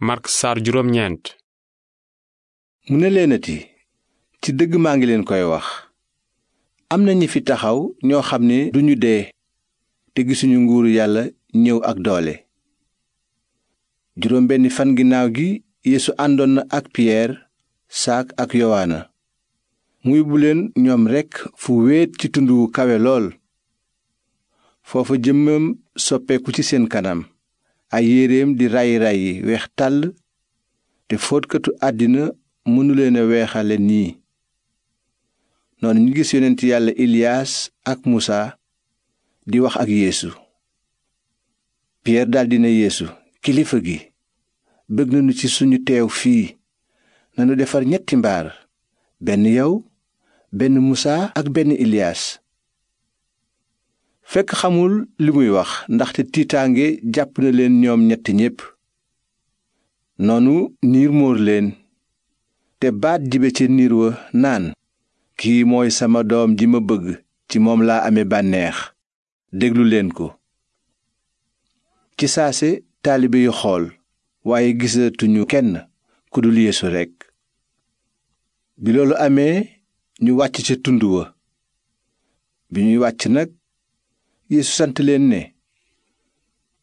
Mark saar juróom mu ne leenati ci dëgg maa ngi leen koy wax am na ñi fi taxaw ñoo xam ne duñu dee te gisuñu nguuru yàlla ñëw ak doole juróom benni fan ginnaaw gi Yeesu àndoon na ak Piyeer saak ak Yowaana muy bu ñoom rekk fu wéet ci tund wu kawe lool foofa jëmmam soppeeku ci seen kanam ay yéreem di ray rayi weex tàll te fóotkatu àddina mënuleena weexale nii noonu ñu gis yonent yàlla iliyaas ak musa di wax ak yéesu piyeer daldi na yéesu kilifa gi bëgg nañu ci suñu teew fii nanu defar ñetti mbaar benn yow benn musa ak benn iliyaas fekk xamul li muy wax ndaxte tiitaange jàpp na leen ñoom ñett ñépp noonu niir móor leen te baat jibe ca niir wa naan kii mooy sama doom ji ma bëgg ci moom laa ame bànneex déglu leen ko ci saase taalibe yu xool waaye gisatuñu kenn ku dul rekk bi loolu amee ñu wàcc ca tund wa bi ñuy wàcc nag Yeesu sant leen ne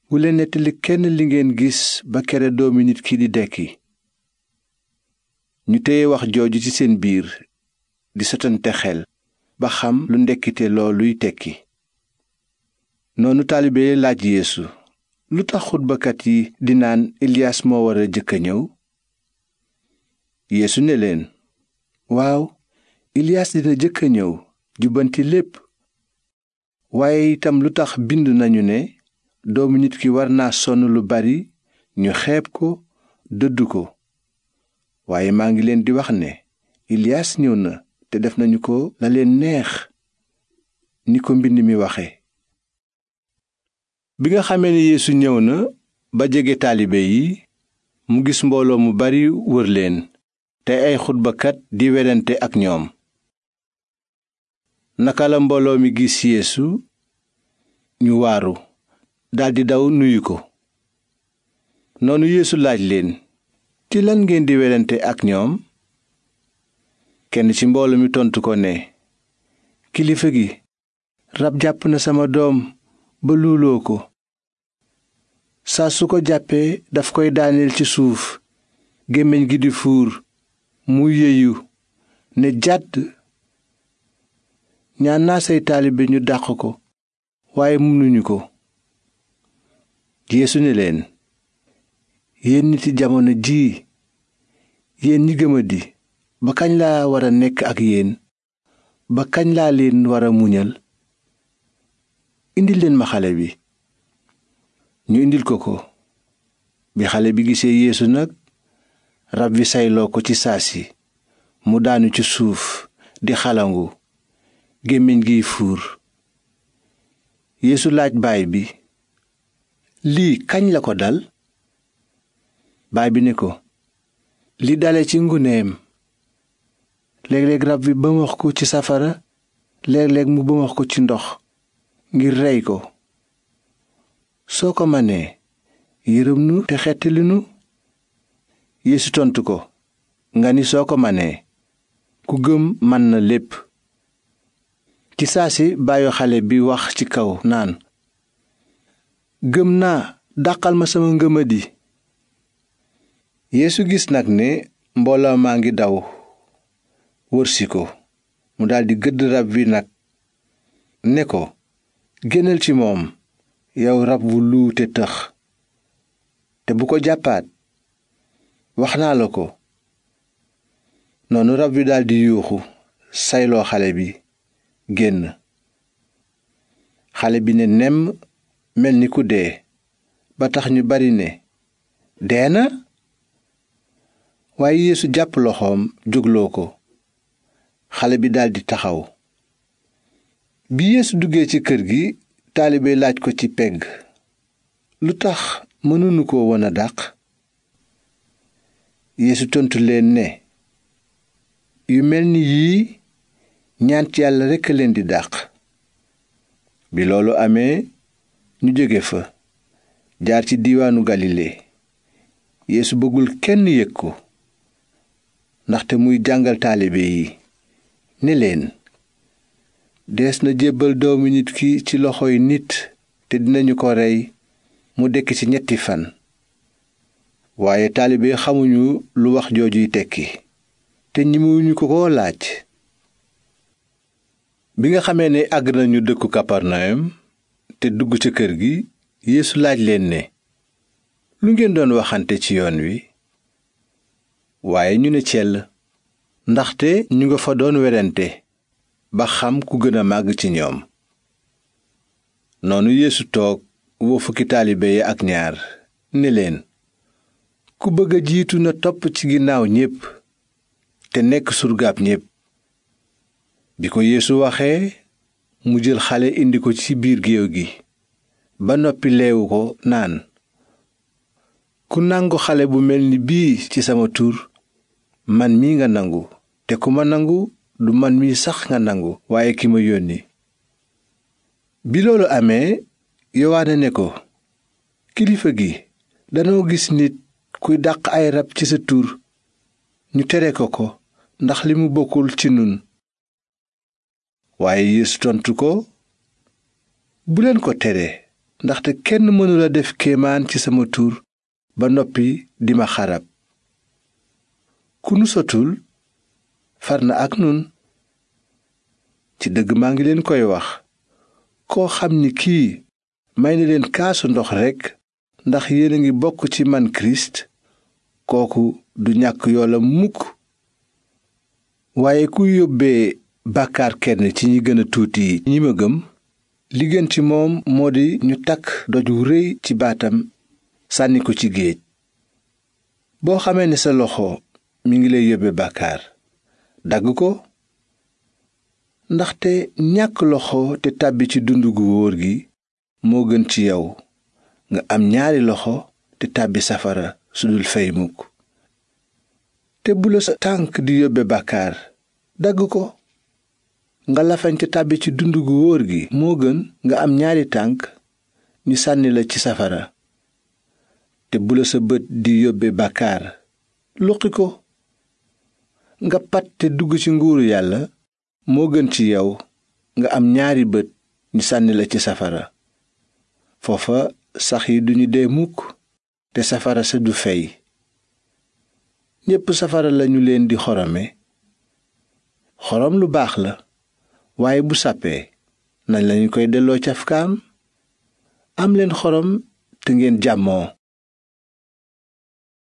bu leen nettali kenn li ngeen gis ba kere doomi nit ki di dekki ñu téye wax jooju ci seen biir di sotante xel ba xam lu ndekkite looluy tekki noonu taalibe laaj Yeesu lu tax xutbakat yi di naan Elias moo war a jëkk a ñëw Yeesu ne leen waaw Elias dina jëkk a ñëw jubbanti lépp waaye itam lu tax bind nañu ne doomu nit ki war naa sonn lu bari ñu xeeb ko dëdd ko waaye maa ngi leen di wax ne Ilias ñëw na te def nañu ko la leen neex ni ko mbind mi waxe bi nga xamee ñëw na ba jege taalibe yi mu gis mbooloo mu bari wër te ay xutbakat di werante ak ñoom naka la mbooloo mi gis yéesu ñu waaru daldi daw nuyu ko noonu yéesu laaj leen ci lan ngeen di werante ak ñoom kenn ci mbooloo mi tontu ko ne kilifa gi rab jàpp na sama doom ba luuloo ko saa su ko jàppee daf koy daaneel ci suuf gémmiñ gi di fuur mu yeyu ne jàdd ñaan naa say taalibe ñu dàq ko waaye mënuñu ko yeesu ne leen yéen nit yi jamono jii yéen ñi gëmadi ba kañ laa war nekk ak yéen ba kañ laa leen war a muñal indil leen ma xale bi ñu indil ko ko bi xale bi gisee yéesu nag rab wi sayloo ko ci saasi mu daanu ci suuf di xalangu gémmiñ giy fuur yeesu laaj baay bi lii kañ la ko dal baay bi ni ko li dale ci nguneem léeg-léeg rab bi bëmax ko ci safara léeg-léeg mu bëmax ko ci ndox ngir rey ko soo ko manee yërëm nu te xettali nu tontu ko nga ni soo ko manee ku gëm man na lépp ci saa si bàyyu xale bi wax ci kaw naan gëm naa dàqal ma sama ngëma ngëmadi yéesu gis nag ne mbooloo maa ngi daw wërsi ko mu daldi gëdd rab wi nag ne ko génnal ci moom yow rab wu luu te tëx te bu ko jàppaat wax naa la ko noonu rab wi daldi yuuxu sayloo xale bi génn xale bi ne nemm mel ni ku dee ba tax ñu bari ne dee na waaye yeesu jàpp loxoom jógloo ko xale bi daldi taxaw bi yeesu duggee ci kër gi taalibe laaj ko ci pegg lu tax mënuñu ko woon a dàq yeesu tontu leen ne yu mel ni yii ñaant yàlla rekk a leen di dàq bi loolu amee ñu jóge fa jaar ci diiwaanu galile yéesu bëggul kenn yëg ko ndaxte muy jàngal taalibe yi ne leen dees na jébbal doomu nit ki ci loxoy nit te dinañu ko rey mu dekk ci ñetti fan waaye taalibe xamuñu lu wax joojuy tekki te ñimuñu ko ko laaj bi nga xamee ne àgg nañu dëkku kaparnayum te dugg ca kër gi yéesu laaj leen ne lu ngeen doon waxante ci yoon wi waaye ñu ne cell ndaxte ñu nga fa doon werante ba xam ku gën a màgg ci ñoom noonu yeesu toog woo fukki taalibe yi ak ñaar ni leen ku bëgg a jiitu na topp ci ginnaaw ñépp te nekk surgaab ñépp bi ko yeesu waxee mu jël xale indi ko ci biir géew gi ba noppi leewu ko naan ku nangu xale bu mel ni bii ci sama tur man mi nga nangu te ku ma nangu du man mi sax nga nangu waaye ki ma yónni bi loolu amee yowaane ne ko kilifa gi danoo gis nit kuy dàq ay rab ci sa tur ñu tere ko ko ndax li mu bokkul ci nun waaye Yeesu tontu ko bu leen ko tere ndaxte kenn mënula def kéemaan ci sama tur ba noppi di ma xarab ku nusatul far na ak nun ci dëgg maa ngi leen koy wax koo xam ni kii may na leen kaasu ndox rekk ndax yéen a ngi bokk ci man kirist kooku du ñàkk yoola mukk waaye ku yóbbee bàkkaar kenn ci ñi gën a tuuti ñi ma li gën ci moom moo di ñu takk doj wu rëy ci baatam sànni ko ci géej boo xamee ne sa loxo mu ngi lay yóbbe bàkkaar dagg ko ndaxte ñàkk loxo te tàbbi ci dund gu wóor gi moo gën ci yow nga am ñaari loxo te tàbbi safara su dul fey mukk te bu sa tànk di yóbbe bàkkaar dagg ko nga lafañte tàbbi ci dund gu wóor gi moo gën nga am ñaari tànk ñu sànni la ci safara te bu la sa bët di yóbbe bàkkaar luqi ko nga pat te dugg ci nguuru yàlla moo gën ci yow nga am ñaari bët ñu sànni la ci safara foofa sax yi duñu dee mukk te safara sa du fey ñépp safara lañu leen di xorome xorom lu baax la waaye bu sàppee nañ lañu koy delloo cafkaam am leen xorom te ngeen jàmmoo